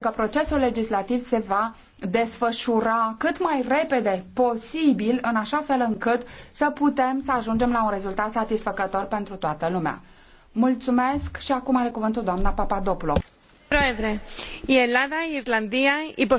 că procesul legislativ se va desfășura cât mai repede posibil, în așa fel încât să putem să ajungem la un rezultat satisfăcător pentru toată lumea. Mulțumesc și acum are cuvântul doamna Papadopoulou.